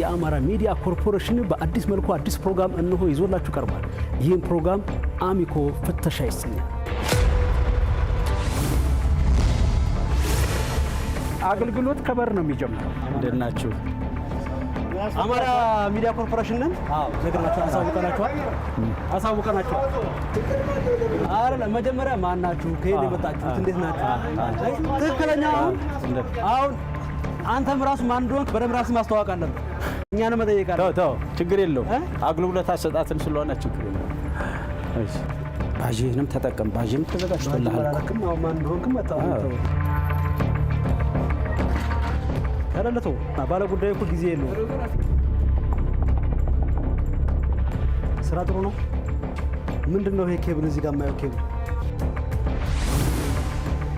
የአማራ ሚዲያ ኮርፖሬሽን በአዲስ መልኩ አዲስ ፕሮግራም እነሆ ይዞላችሁ ቀርቧል። ይህም ፕሮግራም አሚኮ ፍተሻ ይሰኛል። አገልግሎት ከበር ነው የሚጀምረው። እንደት ናችሁ? አማራ ሚዲያ ኮርፖሬሽን ነን። አዎ ነግረናችኋል፣ አሳውቀናችኋል፣ አሳውቀናችኋል። አረ መጀመሪያ ማን ናችሁ? ከየት የመጣችሁት? እንዴት ናችሁ? ትክክለኛ አሁን አሁን አንተም ራሱ ማን እንደሆንክ በደምብ ራስህ ማስተዋወቅ አለብህ። እኛን መጠየቅ አለ። ተው ተው፣ ችግር የለውም። አገልግሎት አሰጣትን ስለሆነ ችግር የለውም። እሺ፣ ባዥህንም ተጠቀም። ባዥህም ተዘጋጅቶልሃል። ማን እንደሆንክም አታውቅም። ተለለቶ ባለ ጉዳይ እኮ ጊዜ የለውም። ስራ ጥሩ ነው። ምንድን ነው ይሄ ኬብል? እዚህ ጋር የማየው ኬብል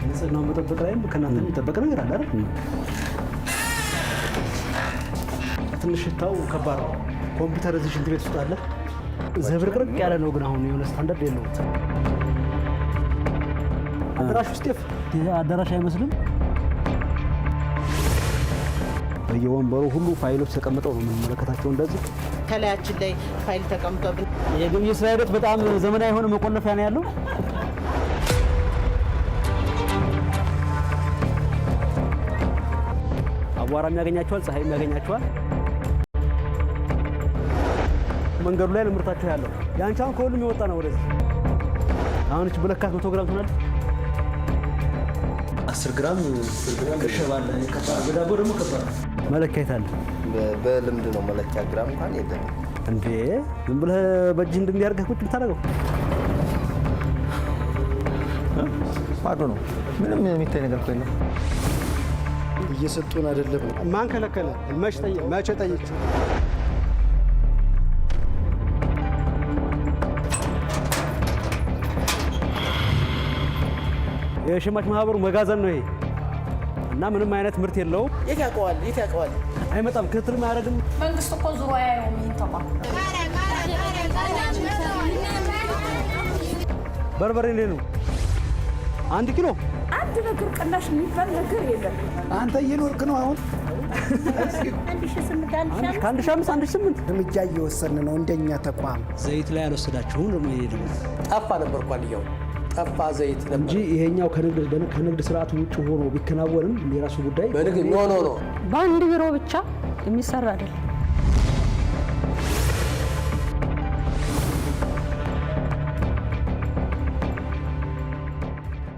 ንጽህናውን መጠበቅ ላይም ከእናንተ የሚጠበቅ ነገር አለ አይደል? ትንሽ ሽታው ከባድ ነው። ኮምፒውተር እዚህ ሽንት ቤት ውስጥ አለ። ዘብርቅርቅ ያለ ነው፣ ግን አሁን የሆነ ስታንዳርድ የለው። አዳራሽ ውስጥ አዳራሽ አይመስልም። በየወንበሩ ሁሉ ፋይሎች ተቀምጠው ነው የምንመለከታቸው። እንደዚህ ከላያችን ላይ ፋይል ተቀምጦብን የግብይት ስራ ሂደት በጣም ዘመናዊ የሆነ መቆለፊያ ነው ያለው። አቧራም ያገኛቸዋል፣ ፀሐይም ያገኛቸዋል። መንገዱ ላይ ለምርታቸው ያለው ያንቺ አሁን ከሁሉም የወጣ ነው። ወደዚህ አሁን እች ብለካት መቶ ግራም ትሆናል። አስር ግራም ከሸባለ በዳቦ ደግሞ ከባድ መለኪያ የት አለ? በልምድ ነው መለኪያ ግራም እንኳን የለም እንዴ። ዝም ብለህ በእጅህ እንድንዲያርገህ ቁጭ ብታደርገው ባዶ ነው። ምንም የሚታይ ነገር እኮ የለም። እየሰጡን አይደለም። ማን ከለከለ? መቼ ጠየቅ? የሸማች ማህበሩ መጋዘን ነው ይሄ እና ምንም አይነት ምርት የለውም። የት ያውቀዋል? የት ያውቀዋል? አይመጣም፣ ክትትልም አያደርግም። መንግስት እኮ ዙሮ አያየውም ይህን ተቋም። በርበሬ ሌሉ አንድ ኪሎ አንድ ነገር ቅናሽ የሚባል ነገር የለም። አንተ እየኖርክ ነው አሁን ከአንድ ሺህ አምስት አንድ ሺህ ስምንት እርምጃ እየወሰን ነው። እንደኛ ተቋም ዘይት ላይ አልወሰዳችሁም። ደግሞ ይሄ ጠፋ ነበር ኳልያው ጠፋ ዘይት ነበር እንጂ ይሄኛው ከንግድ ከንግድ ስርዓቱ ውጭ ሆኖ ቢከናወንም የራሱ ጉዳይ በንግድ ኖ ኖ ኖ በአንድ ቢሮ ብቻ የሚሰራ አይደለም።